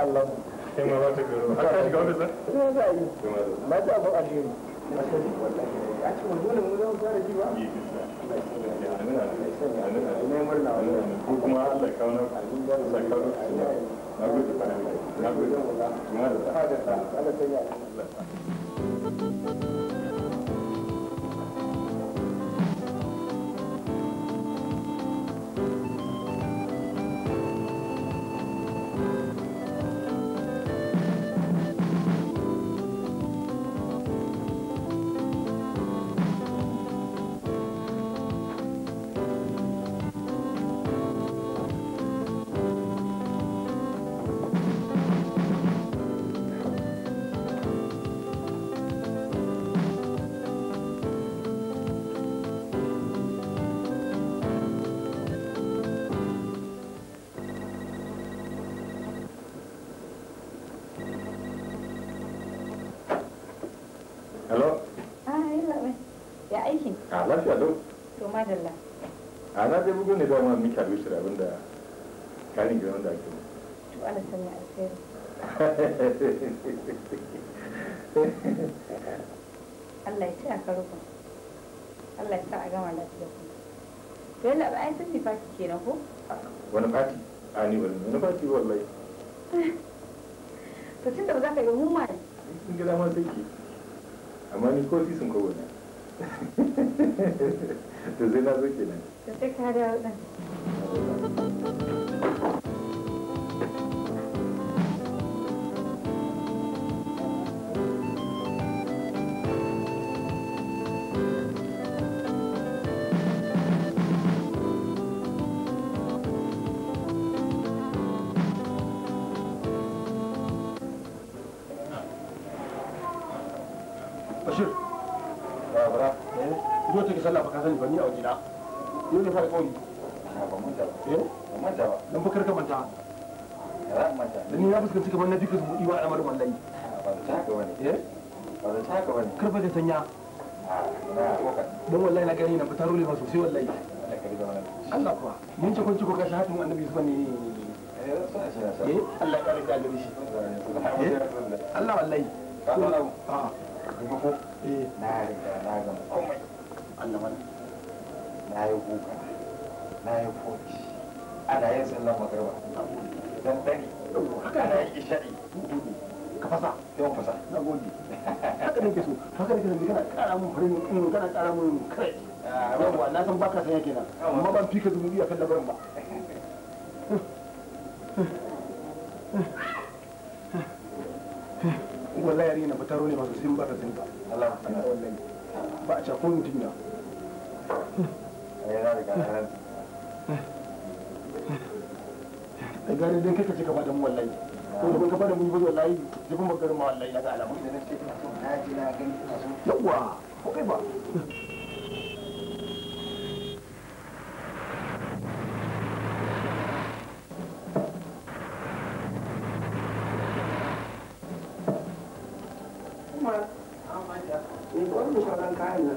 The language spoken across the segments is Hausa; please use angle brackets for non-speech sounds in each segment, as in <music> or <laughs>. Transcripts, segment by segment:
Allah kai ma ba ta biro har ka shiga ofis ne za yi ba ta abu a ce mu dole mu zama ji ba ko kuma Allah na na gode na gode dai bugu ne dama miki albishir abin da karin girman wanda ake mu. To Allah sanya alkhairi. Allah ya taya ka rukun. Allah ya sa a gama lafiya kuma. To yalla ba ai sassi fati na ko? Wani fati? A ni wani wani fati wallahi. To tunda ba za ka yi ba mu ma ne. Kin gida ma sai ki. Amma ni ko sisin ko wani. to zai sani ba ni a wajina yau ne fara kawai eh? don fakar ka manta da ni na fuskanci kamar na buɗi wa al'amarin wallahi eh? karfa da sanya don wallahi na gani na fitar sosai wallahi Allah kuwa mun ce kun ko kashe hatin annabi su ne eh, Allah ya ka gari shi Allah wallahi ka zo na ah. na riga na Allah na yi guga na yi foci ana yin sallan magarba dan haka na yi isha'i ka fasa sai mun fasa na gode haka nake so haka nake so kana kara mun farin in mm, kana kara mun kai yawa na san baka san yake nan amma ban fika dubu zunubi akan labarin ba wallahi yari na fitaro ne masu simba da simba Allah ba a cakon mutum ya a gari dai kaka ce ka faɗin wallahi ko da kun ka faɗin mun yi bazo da jibin bakarin ma wallahi daga alamu da nake kina na ji na gani kina so yawa ko kai ba Kuma, amma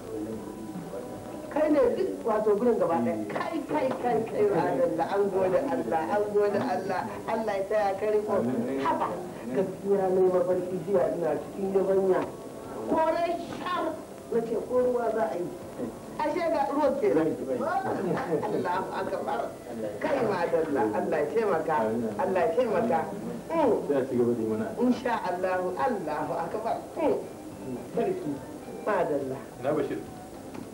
ne duk wato gudun gaba ɗaya kai kai kai kai ranar an gode Allah an gode Allah Allah ya taya kare ko haba gaskiya mai mafarki jiya ina cikin yabanya ko ne shar na ce ko ruwa za a yi ashe ga ruwa ke nan Allah akbar kai ma dalla Allah ya taimaka Allah ya taimaka hmm. insha Allah Allahu akbar sarki hmm. madalla na bashir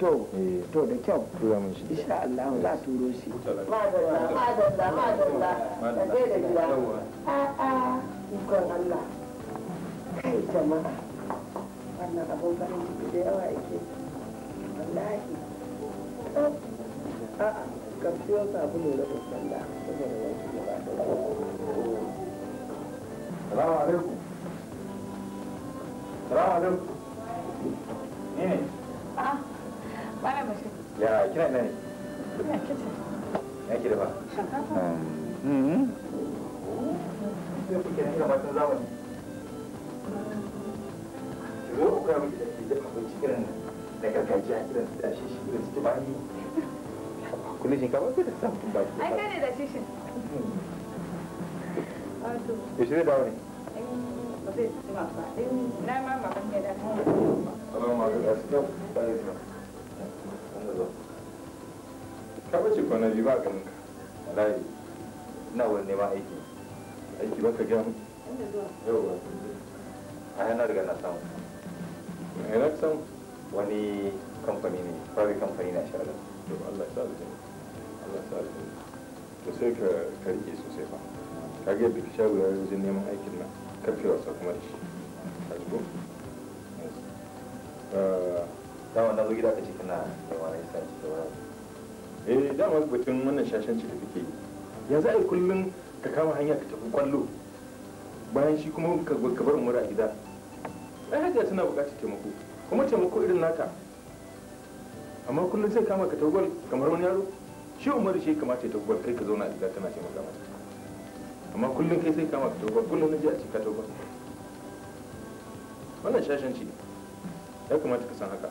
to eh. to da kyau insha Allah za turo shi madalla madalla madalla da gida a a ikon Allah kai jama'a wannan abun farin ciki da yawa yake wallahi a a sabulu kusan da alaikum. alaikum. Malam Bashir. Ya, kina ina ne? Ina kitchen. Ya ki dafa? Shinkafa. Mhm. Sai kuke ne da matan zamani. Ki zo ku kai miki da ke da abinci irin na gargajiya irin su dashi shi irin su tumani. Kullum shinkafa sai da samun baki. da shi shi. Yaushe Ba zai Na ma da. Allah ma ga ka bace kwana biyu ba ganin ka wallahi ina wani neman aiki aiki baka gaya mu yauwa a yana daga na samu a yana samu wani kamfani ne fari kamfani na shara. to Allah ya sa aljanna Allah ya sa aljanna to sai ka karke sosai fa ka ga bi shawo ya wajen neman aikin nan karfe wasa kuma da shi ka ji dama na zo gida ka ce kana da wani iskanci da wani eh dama batun wannan shashanci da kake yi yanzu ai kullum ka kama hanya ka tafi kwallo bayan shi kuma ka bar mura gida ai hajiya tana buƙatar taimako kuma taimako irin naka amma kullum sai kama ka tafi kamar wani yaro shi umar shi kamata ya tafi kai ka zauna a gida kana taimaka mata amma kullum kai sai kama ka tafi kullum na je a ce ka tafi wannan shashanci ne ya kamata ka san haka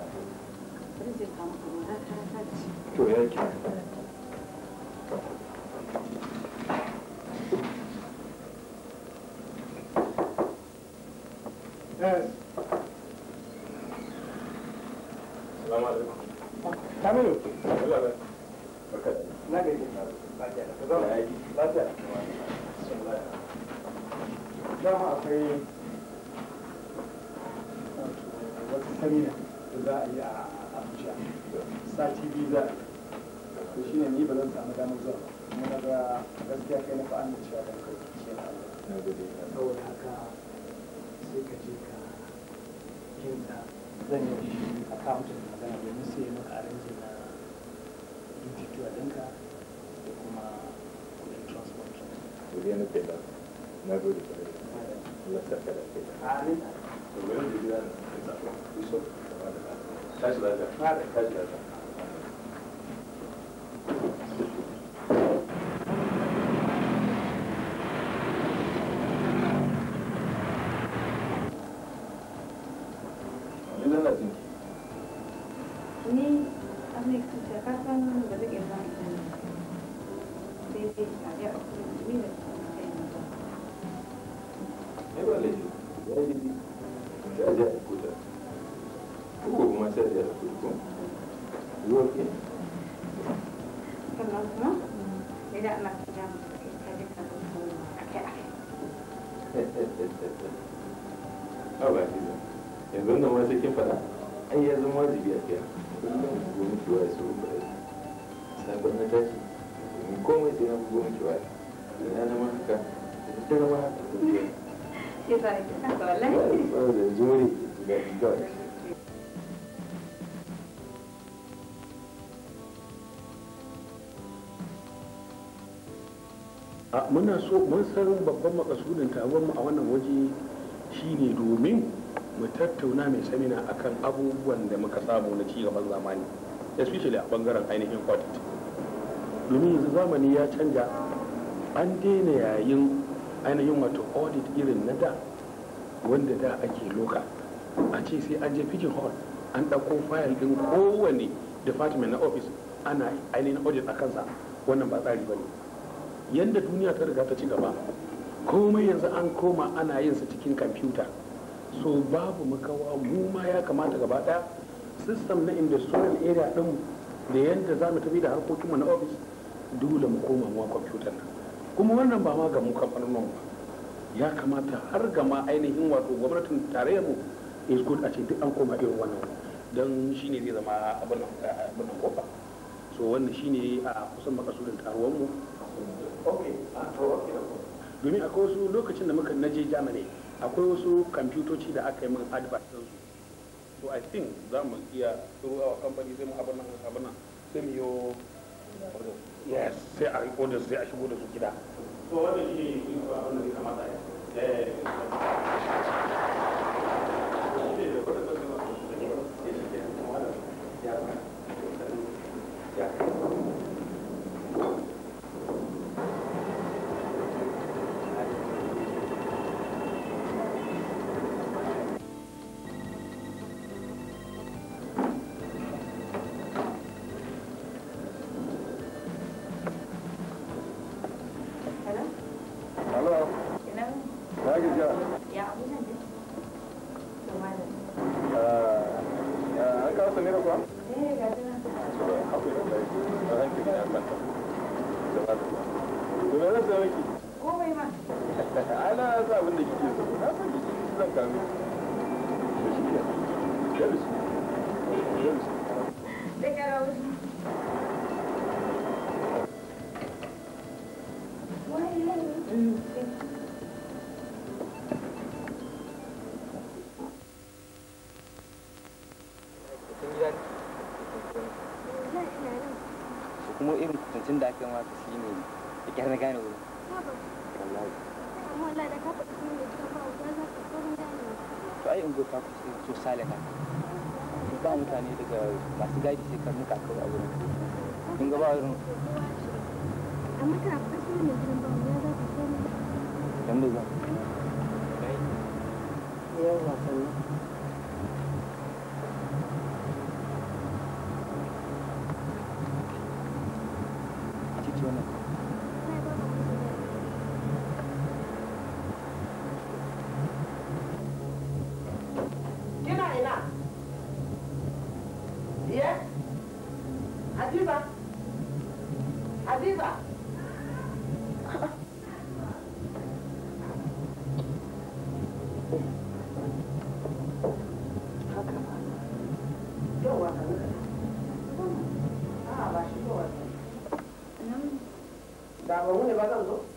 to ya yi kyau yiwuwar ke sannan kuma idan ana kira mutum kai ta duka akai-akai a ba da yanzu nan ma sai kin faɗa ai ya zama wajibi a kiya kullum gomi kiwa ya so na tashi domin komai sai na fi gomi kiwa ya zama haka ta zama haka ya sa da kisa wallahi ba da jure ga a muna so mun san babban makasudin taron mu a wannan waje shine domin mu tattauna mai samina akan abubuwan da muka samu na cigaban zamani especially a bangaren ainihin audit domin yanzu zamani ya canja an daina yayin ainihin wato audit irin na da wanda da ake loka a ce sai an je pigeon hall an ɗauko fayil ɗin kowane department na office ana ainihin audit a kansa wannan ba tsari ba ne yadda duniya ta riga ta ci gaba komai yanzu an koma ana yin su cikin kamfuta so babu makawa mu ma ya kamata gaba ɗaya system na industrial area din da yadda za mu tafi da harkokin mu na office dole mu koma mu kwamfuta. kuma wannan ba ma ga mu kamfanonin ba ya kamata har ga ma ainihin wato gwamnatin tarayyar mu is good a ce duk an koma irin wannan don shine zai zama abin nan kofa so wannan shine a kusan makasudin taruwar mu Ah, domin akwai wasu lokacin da muka naje jamani akwai wasu kamfutoci da aka yi min advert su so i think za mu iya turu a kamfani sai mu abin nan abin nan sai mu yo yes sai a yi order sai a shigo da su gida so wannan shi ne abin da ya kamata eh tun da aka maka shi ne da kyar na gane wuri wallahi wallahi da ka faɗi ba ka gane to ai ungo ta kusa to salaka ba mutane daga masu gadi sai a wurin ga ba ka faɗi ne ba za ka 아, 오늘 받았노?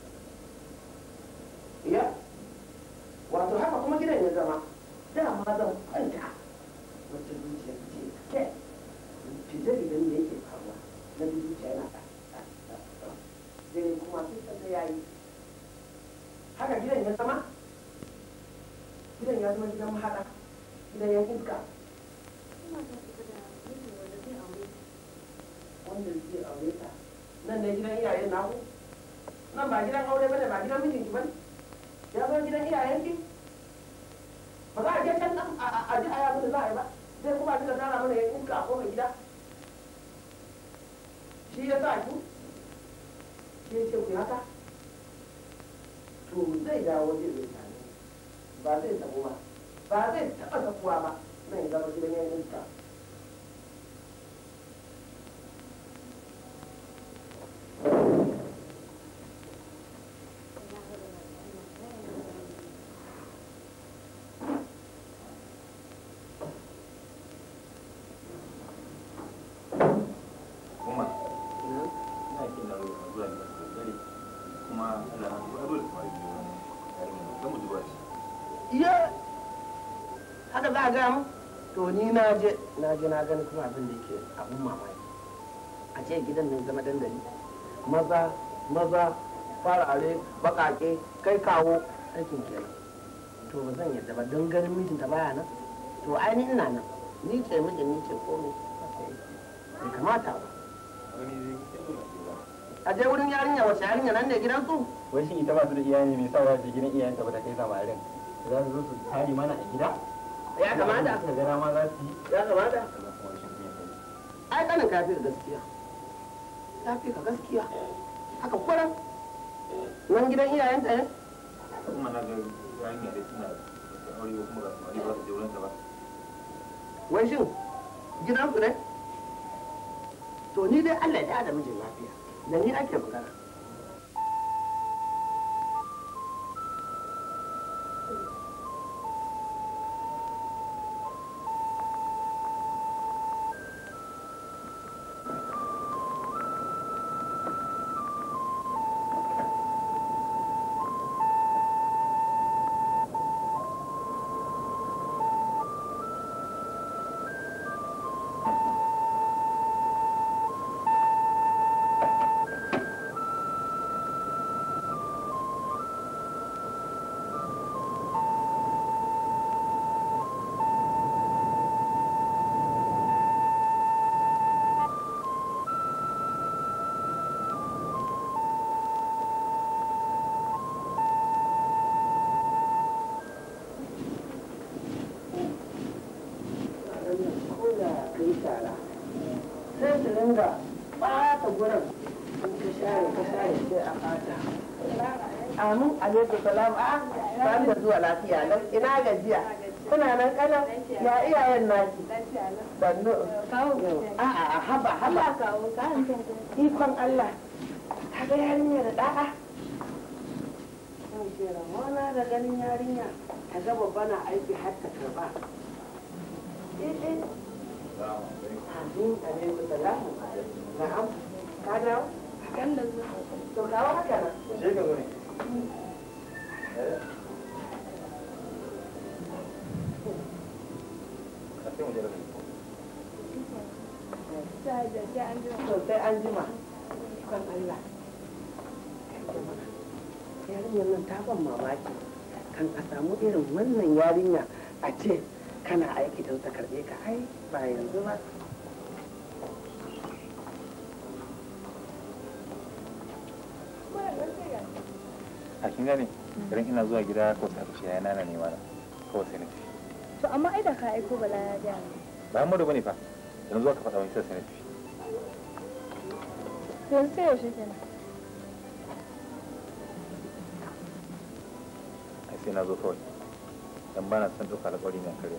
ga mu to ni na je na je na gani kuma abin da yake abun mamaki a ce gidan nan zama dandali maza maza fara are bakake kai kawo aikin kenan to ba zan yadda ba don ganin mijinta baya nan to ainihin na nan ni ce mijin ni ce komai bai kamata ba a je wurin yarinya wace yarinya nan ne gidan su wai shi ita ba su da iyaye mai sawa ce iyayen ta ba ta kai samarin za su zo su tari mana a gida ya kamata ya kamata ai kanin gaskiya ta fi ka gaskiya haka kwarar nan gidan iyayen ta ne kuma na ga yayin suna aure kuma ba su ba wai shin gidan ku ne to ni dai Allah ya da mijin lafiya da ni ake magana zuwa lafiya nan ina gajiya kuna nan kana ya iyayen naki bannu a a haba haba kawo ka ikon Allah ga yarinya da da'a Ramona da ganin yarinya ta ga babba na aiki har ta karba. Eh Amin Na'am. Ka dawo? Kan da zuwa. To kawo haka nan. Je ka zo ne. Mm. sosai nan ta ban mamaki kan a samu irin wannan yarinya a ce kana aiki don ta karbe ka ai ba yanzu ba a kin gane garin ina zuwa gida ko ta fi yana na ne kawai sai to amma ai da ka aiko bala ya ga ba mu da bane fa yanzu ka faɗa wani sai sai na yanzu sai yaushe kenan ai sai na zo kawai dan bana na son ɗauka alƙawari mai karya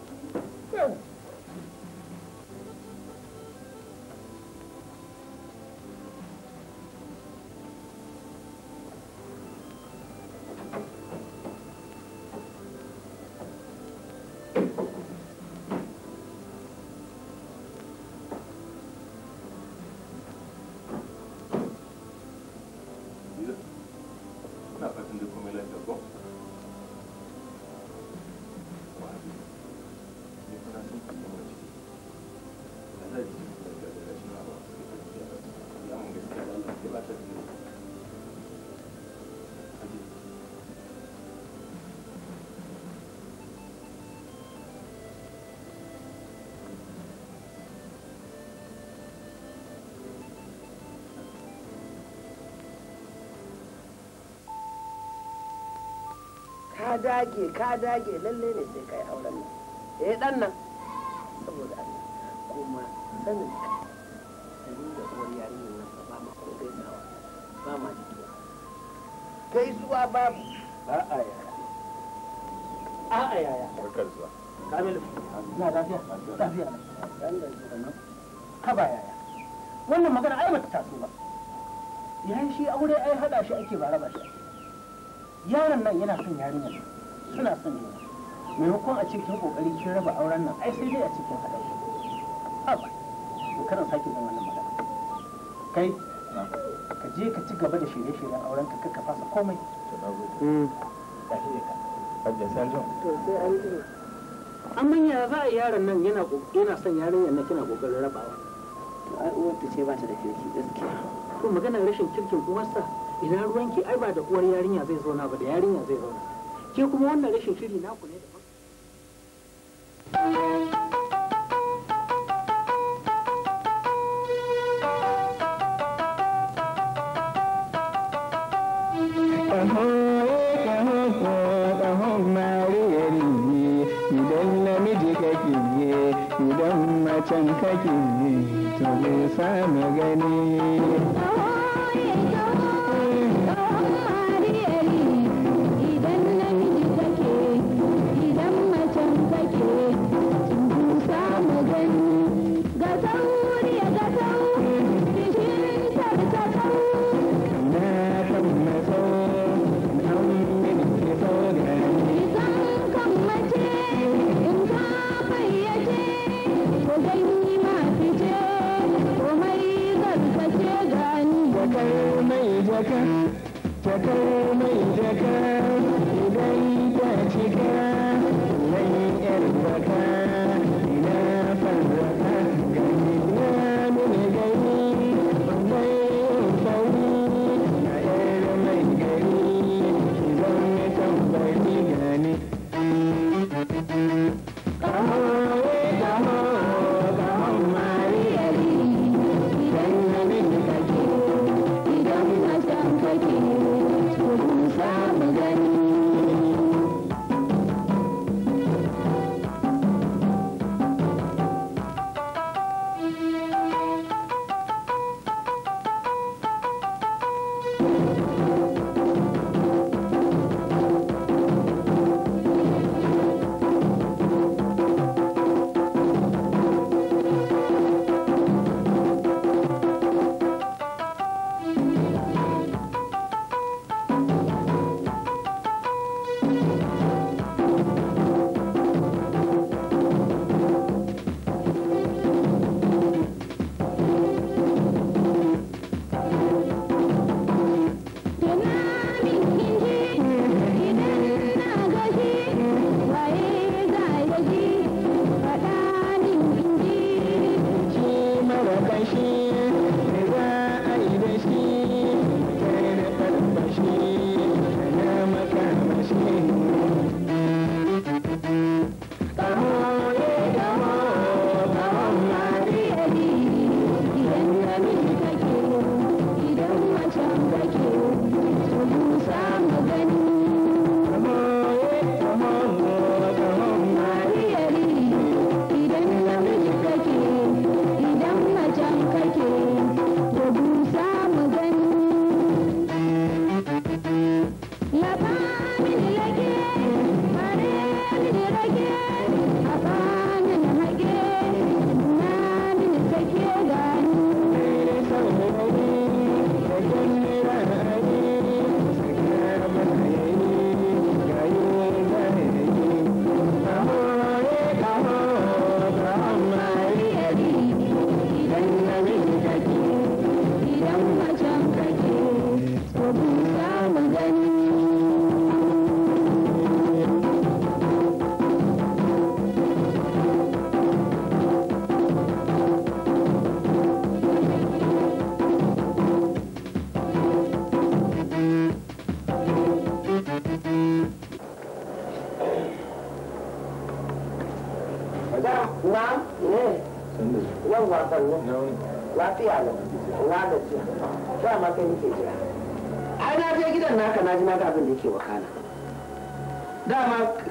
dage ka dage lalle ne sai kai auren nan eh dan nan saboda Allah kuma sanin ka sanin da uwar yarinyar nan ba ma ko dai gaisawa ba ma ji kai zuwa ba gaisuwa a a ya a a ya ya barkar zuwa kamil na lafiya lafiya ya ya wannan magana ai ba ta taso ba yayin shi aure ai hada shi ake ba raba shi yaron nan yana son yarinyar suna son juna maimakon a cikin kokari kin raba auren nan ai sai dai a cikin haɗari haba to kana sake jin wannan magana kai ka je ka ci gaba da shirye-shiryen auren ka ka fasa komai mm. amma ya za a yaron nan yana yana son yarinyar na kina kokarin rabawa to ai uwar ta ce ba ta da kirki gaskiya to maganar rashin kirkin uwarsa idan ruwanki ai ba da uwar yarinya zai zauna ba da yarinya zai zauna ke kuma wannan rashin shiri naku ne da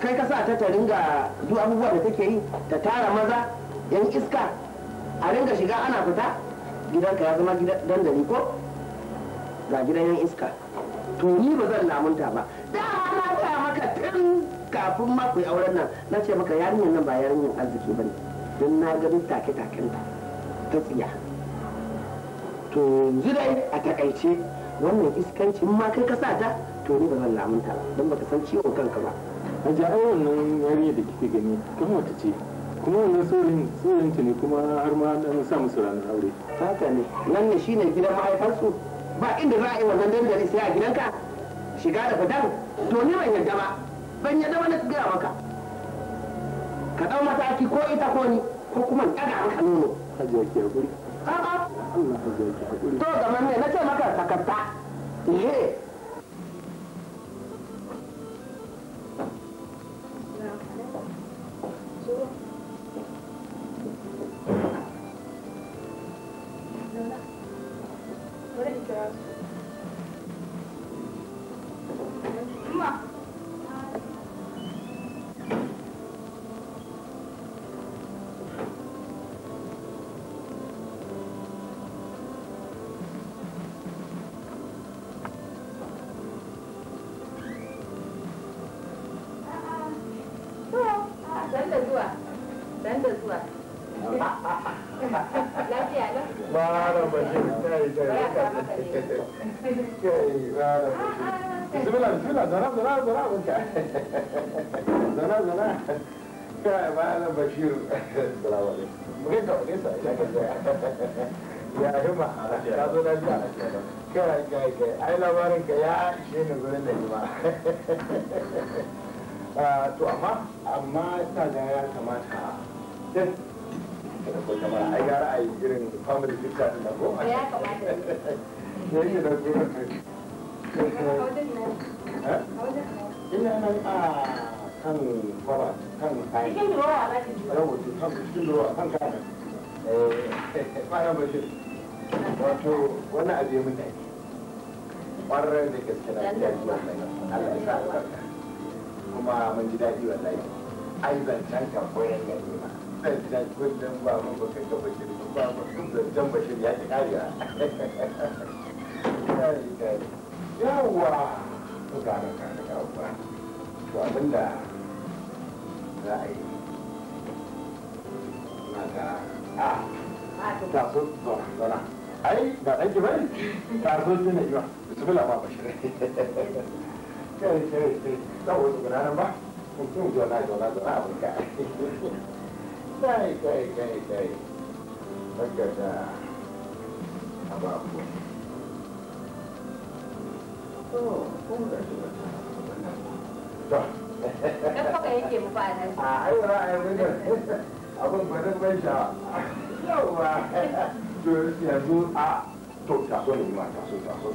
kai ka ta ta ringa duk abubuwa da take yi ta tara maza yan iska a ringa shiga ana fita gidanka ya zama dandali ko ga gidan yan iska to ni ba zan lamunta ba da na gaya maka tun kafin ma ku auren nan na ce maka yarinyar nan ba yarinyar arziki ba ne don na ga take taken ta ta tsiya to yanzu dai a takaice wannan iskancin ma kai ka sa ta to ni ba zan lamunta ba don baka san ciwon kanka ba a ji ai wannan yarinya da kike gani kuma wata ce kuma wannan tsorin tsorin ta ne kuma har ma an sa musu ranar aure haka ne shi shine gidan mahaifarsu ba inda za a yi wannan dandali sai a gidanka shiga da fitan to ni ban yadda ba ban yadda ba na gaya maka ka dau mataki ko ita ko ni ko kuma daga maka nono hajiya ki hakuri a'a Allah hajiya ki hakuri to gaman ne na ce maka sakatta eh labarin ka ya gurin da ba <laughs> ah, to amma amma ta ga ya kamata din ko kamar ai gara ai irin family picture da ko ya kamata ne ne da ko ina nan a kan kwaba kan kayan cikin ruwa ruwa kan kayan eh kwanan <laughs> bashir wato wannan abu ya kwarar da gaske na ji daɗi Allah ya sa kuma mun ji daɗi ai ya ne ma kullum ba mun ba <laughs> kai shi ba kun ya ku da gaba to abinda za a yi na ga a ta so zo ai ba ki ta so ki ba bismillah ma bashir za mu wasu gudanar a burka kai kai kai kai ba da a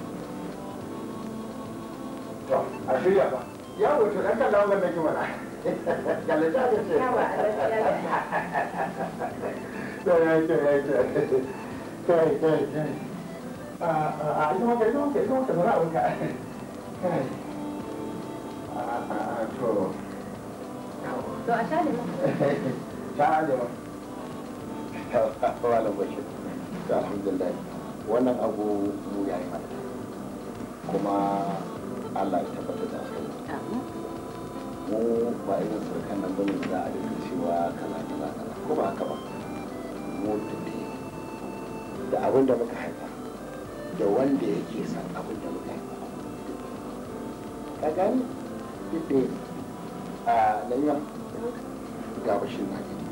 to a shirya ba ya wuce ɗan kan lawan na jima na galle ta ce da ya ce ya ce kai kai kai a to to a <laughs> alhamdulillah wannan abu mu yayi kuma Allah ya tabbatar da kai mu ba irin surukan nan bane za a dinga cewa kala kala kala ko ba haka ba mu dade da abin da muka haifa da wanda yake san abin da muka haifa ka gani duk da a nan yau ga bashin na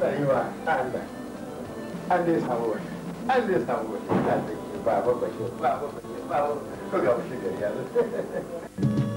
再 <laughs> 一万，安的，安的三过，安的三过，安的，八百块钱，八百块钱，八百，够搞事情的呀。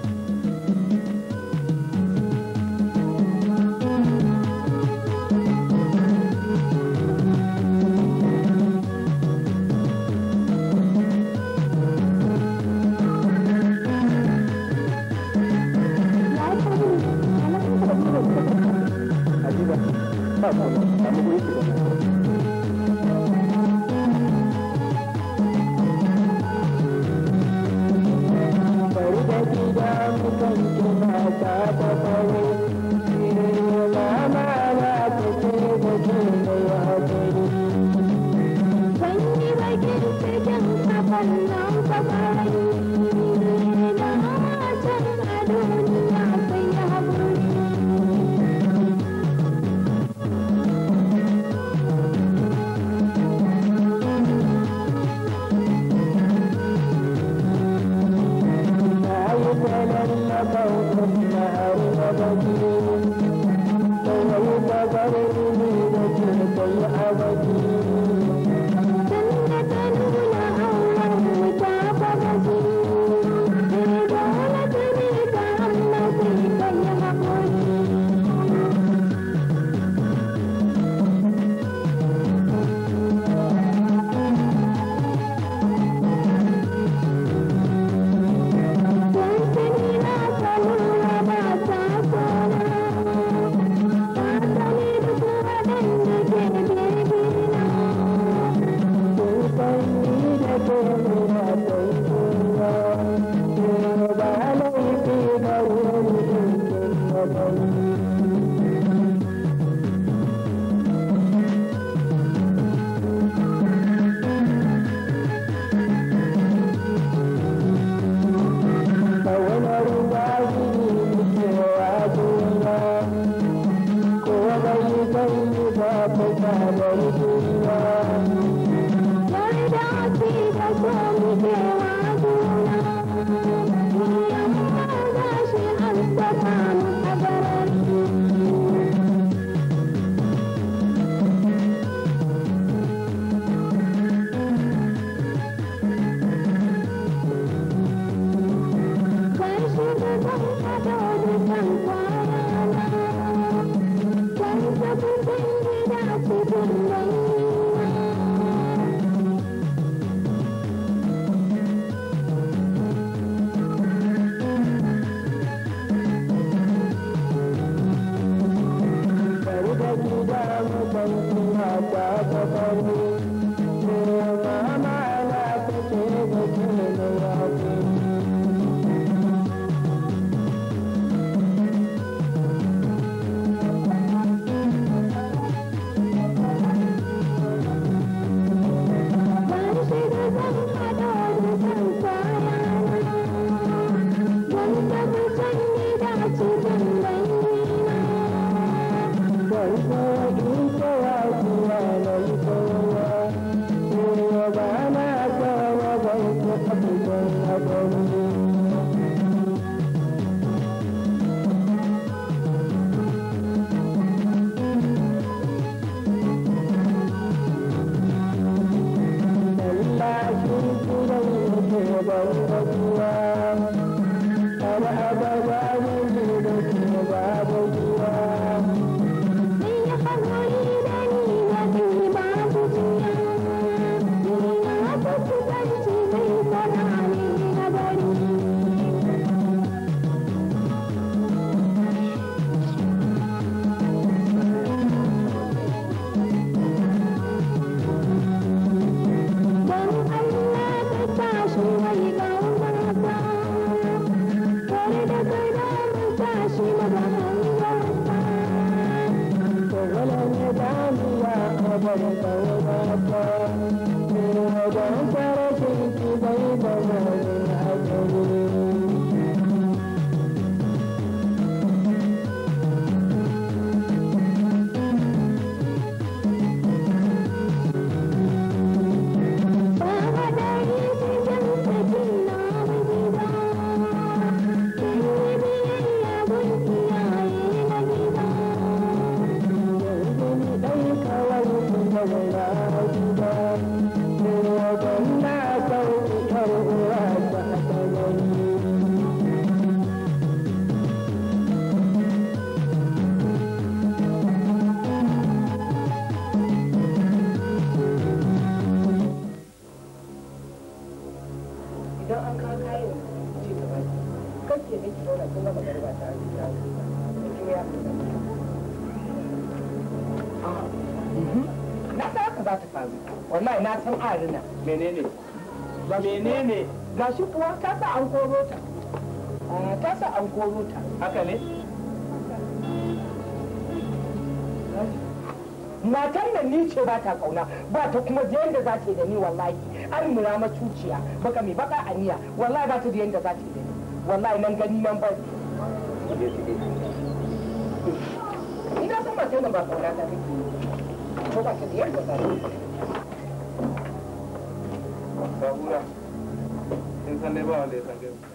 menene gashi kuwa ta sa an koro ta ta sa an koro ta haka ne matan da ni ce ba ta kauna ba ta kuma da yadda za ta yi da ni wallahi an mura macuciya cuciya baka mai baka aniya wallahi ba ta da yadda za ta yi da ni wallahi nan gani nan ba ina san matan da ba kauna ta take ko ba ta da yadda za ta yi kalle ba wanda ya san gaibu da da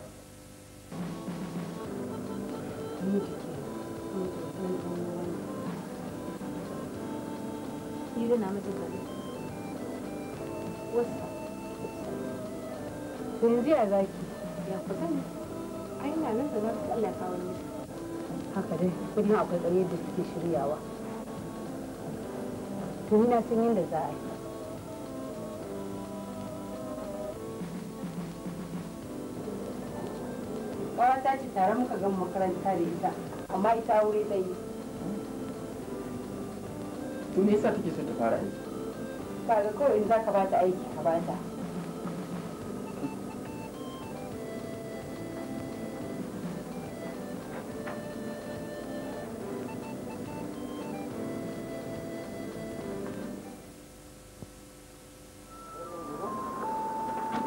haka dai akwai tsaye da suke shiryawa za a yi tare muka gan makaranta da ita amma ita aure dai yi to yasa take son ta fara aiki kaga kawai in zaka bata aiki ka bata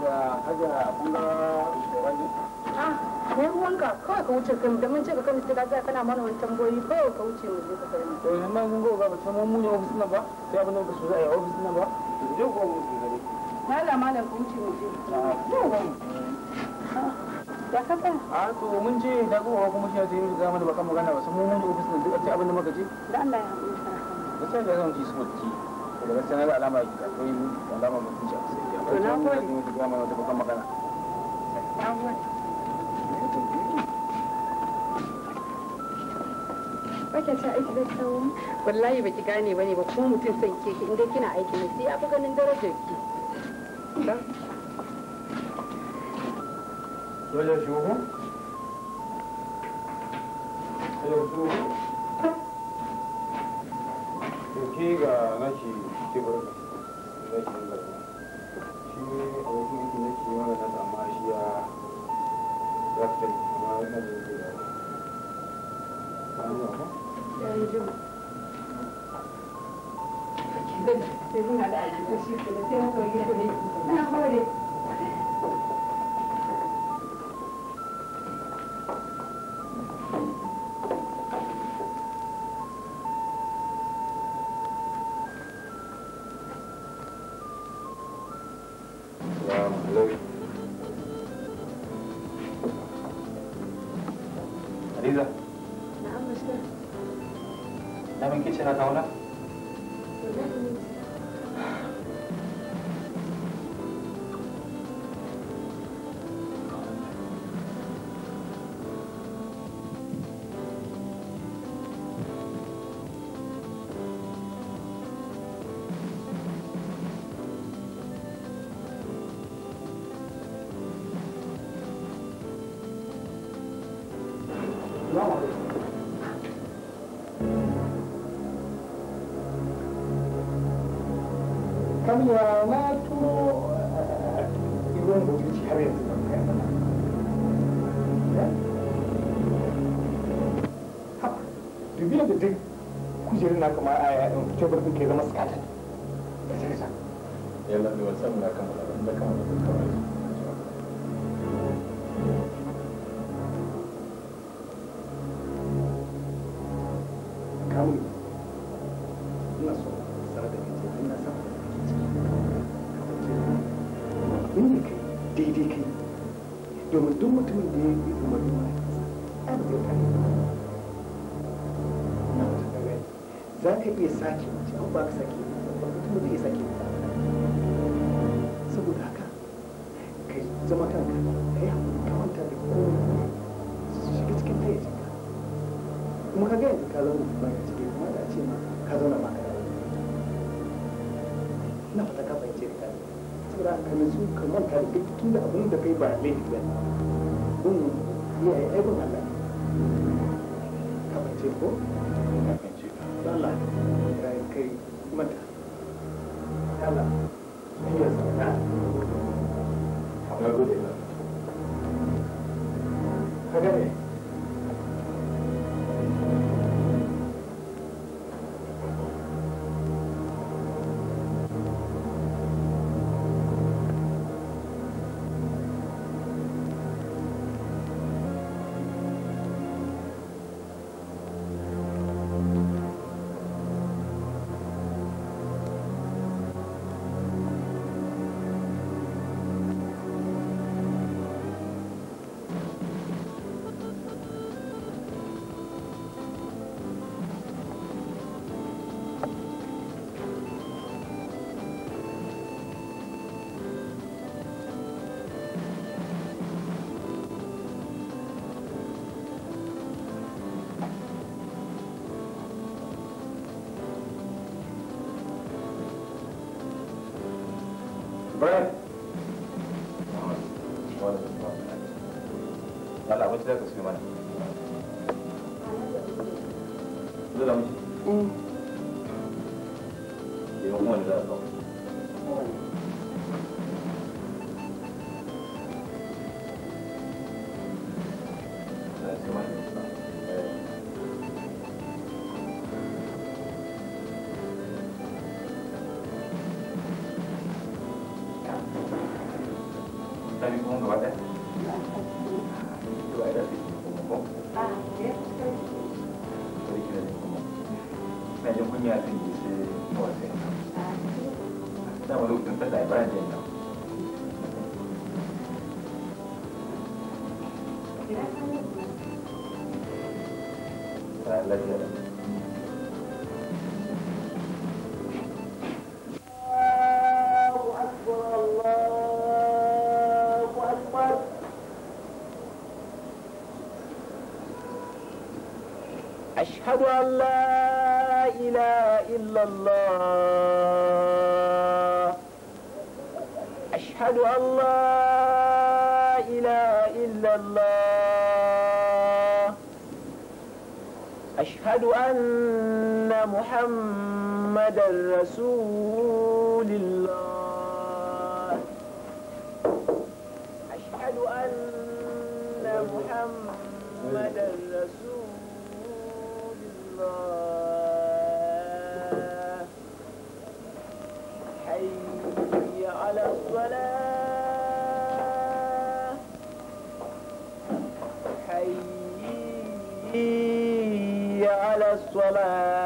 Yeah, I got, ne ruwanka kawai ka wuce kai da mun ce ka kan ta gaza kana mana wani tambayoyi kawai ka wuce mu je ka kai to yanzu eh, mun goga ba mun mun ofis nan ba sai abin da ka so ofis nan ba je ko mu je mala mala kun ce mu je ya ka a to mun je da gowa kuma shi ya je ga mana ba kan magana ba sai mun mun ofis nan duk sai abin da muka je da Allah ya haƙuri ka sai ga zan ji su mutti da gaskiya na alama ki ka koyi alama mutunci a sai ya to na gode da kuma magana na gode ba ta aiki da tsawon wallahi baki gane bane ba kuma mutum ke ki kina aiki ne sai ya fi ganin darajar ki shi ga Shi na samu shi ya amma yana da yake anjima sai mun haɗa shi ke da sai mun zo ne na gode cara tahu lah. amarya na tuno ruwan gobe ci har yanzu ban kai mana dubi da duk kujerin na kama a ke zama tsakatar za ka iya sake mace an ba ka sake ba mutum zai iya sake saboda haka ka zama kanka ka yi haƙuri ka manta da komai su shiga cikin cika kuma ka gaya ka zama ba ka cike kuma da ce ma ka zauna ba ka na fata ka fahimce ka saboda haka na su ka manta da duk tun da abin da kai ba laifi ba ne yi aibin Allah ka ce ko 看了，没有什么，好，不多得了，看看 أشهد أن لا إله إلا الله أشهد أن لا إله إلا الله أشهد أن محمدا رسول الله أشهد أن محمدا الصلاة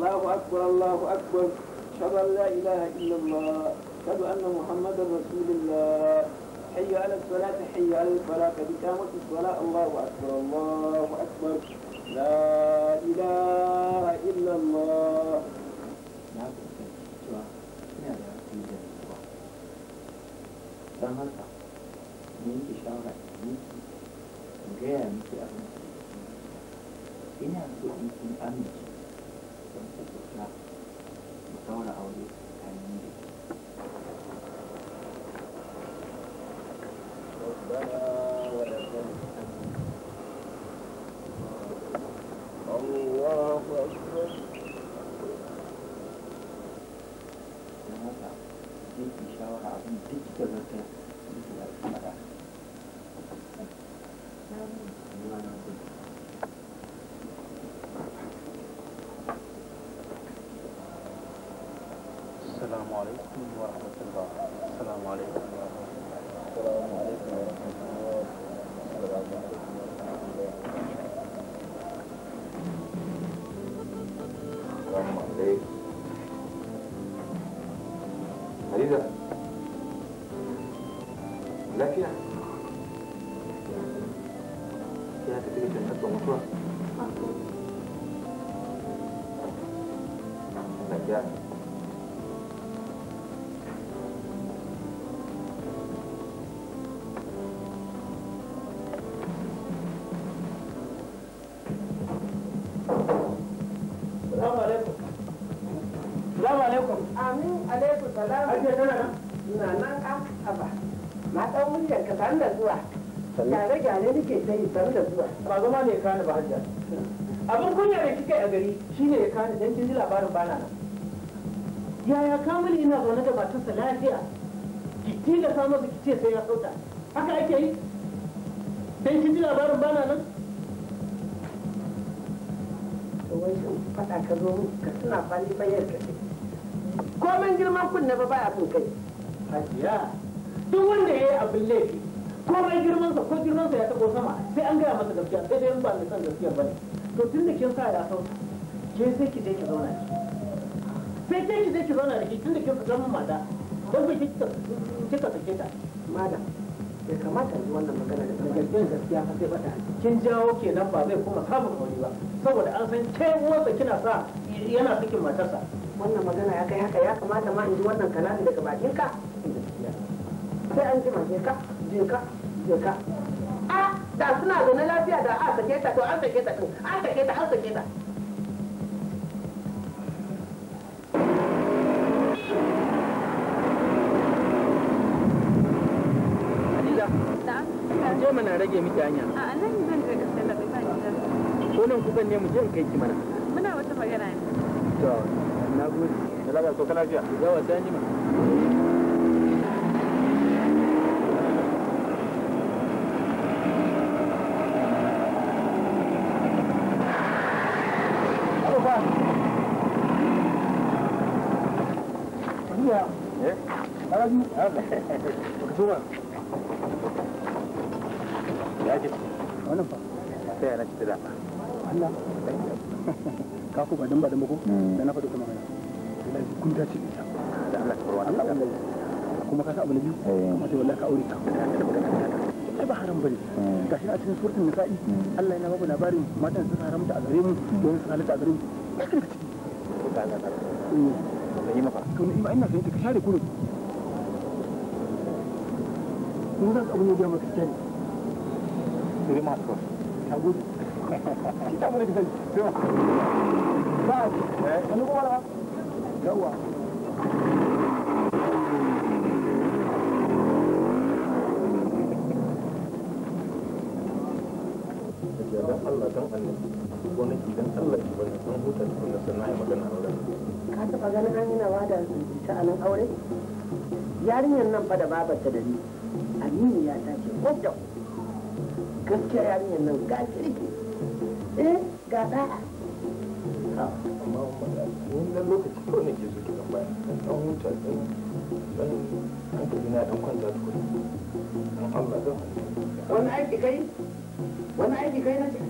الله أكبر الله أكبر أشهد أن لا إله إلا الله أشهد أن محمدا رسول الله حي على الصلاة حي على الفلاح بكامة الصلاة الله أكبر الله أكبر لا إله إلا الله don haka mun ki 我来熬的。dan kin ji labarin bana nan yaya kamuli ina zaune da matarsa lafiya kiti da samu da kice sai ya sauta haka ake yi dan kin ji labarin bana nan wai sun faɗa ka zo ka suna fali bayar ka ce komai girman kunne ba baya kun kai hajiya duk wanda ya yi abin laifi komai girmansa ko girmansa ya taɓo sama sai an gaya masa gaskiya sai dai in ba mai san gaskiya ba ne to tun da kin sa ya sauka ke sai ki je ki zauna sai ke ki je ki zauna da ki tun da kin fita mun mata don bai kika kika sake ta madam bai kamata yi wannan magana da kuma gaskiyar gaskiya ka sai bata kin jawo kenan ba zai kuma sabon aure ba saboda an san ke uwarsa kina sa yana sakin matarsa wannan magana ya kai haka ya kamata ma in ji wannan kalami daga bakinka. sai an jima je ka je ka je ka a ah, da suna zaune lafiya da a sake ta to an sake ta to an sake ta an sake ta rage miki hanya a nan zan je kasar da kusa gida ko nan kusan ne mu je in kai ki mana muna wata magana ne to na gode Allah ba so kana jiya yawa sai ni ma labarin matan suka haramta a gare mu don su halitta a gare mu eh. ba ka ciki ka share zan da maka <laughs> ta gudu Allah don Allah ki gwamnati don Allah ya bani don huta tukuna sannan ai magana auren ka taba ganin an yi wada ta anan aure yarinyar nan fa da babarta da ni amini ya ta ce ko da gaskiya yarinyar nan ga kirki eh ga da'a amma wannan lokaci ko ne ke so ki tambaya dan huta dan dan hankali gina dan kwanta tukuna dan Allah dan wani aiki kai wani aiki kai na ce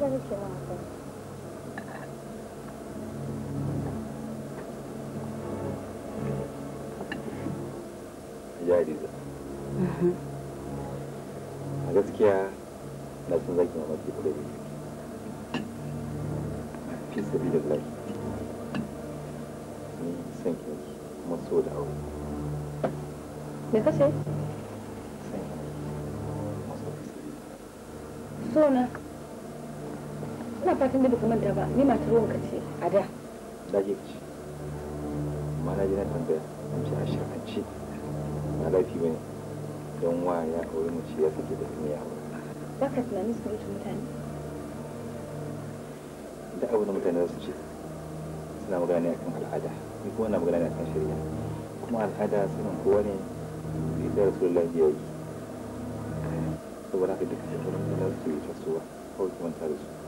这样就行了 fatan da baka manta ba ni matar wanka ce a da na ki amma na ji na tambaya an ce a shirance na laifi bane don wa ya aure mace ya sake da kuma yawo ba ka tunanin su wuce mutane da abu da mutane su ce suna magana ne a kan al'ada ni kuma na magana ne a kan shari'a kuma al'ada sanin kowa ne da rasulullah ya yi saboda haka duka shekaru da za su ta tasowa kawai kuma tare su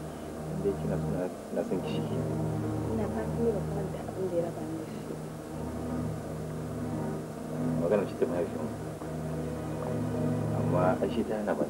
da yake na suna na san kishi ina fatan ba kuma da abin amma ashe ta hana ba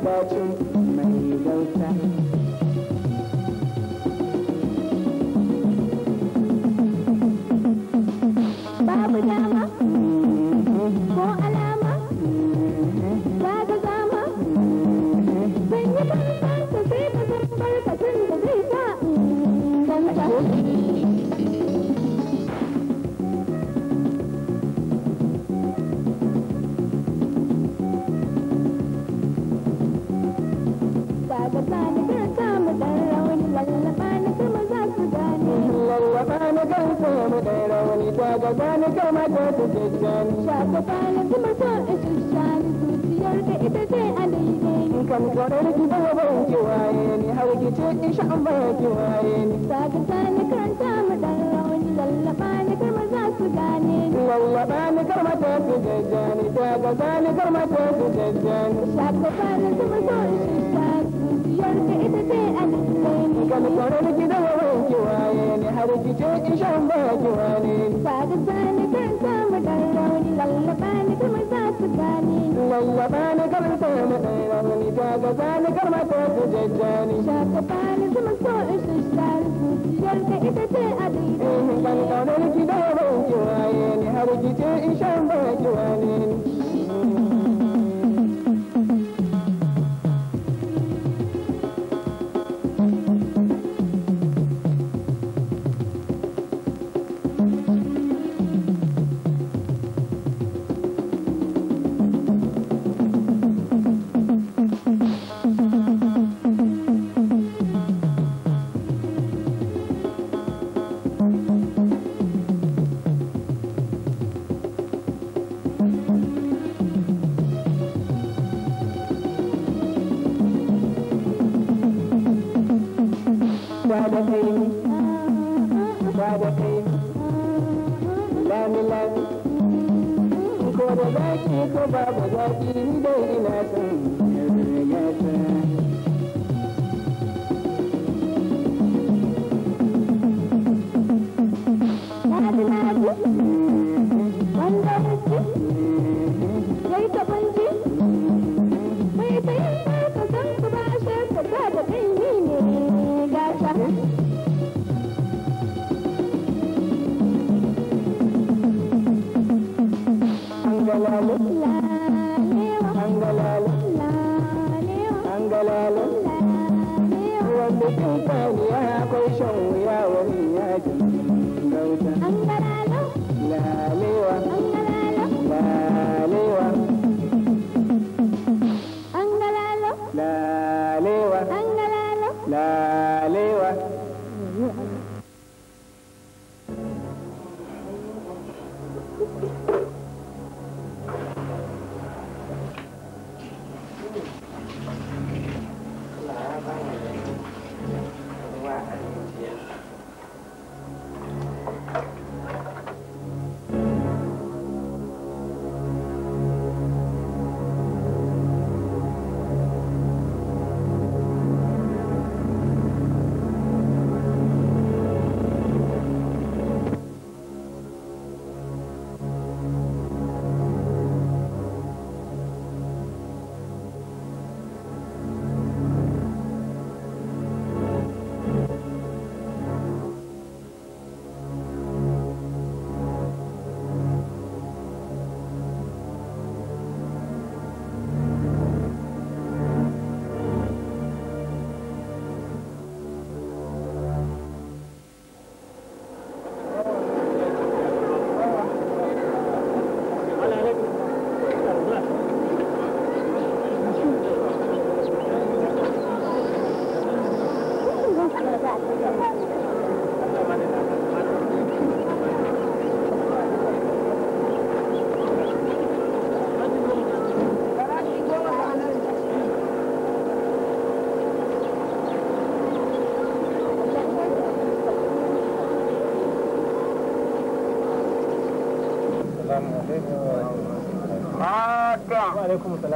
about you. ite ishan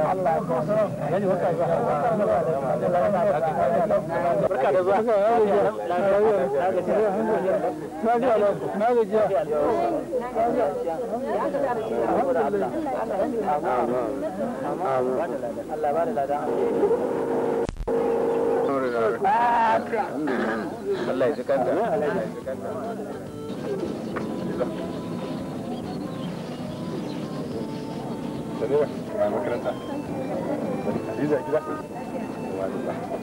Allah ba da makaranta? Hadiza gida? Wa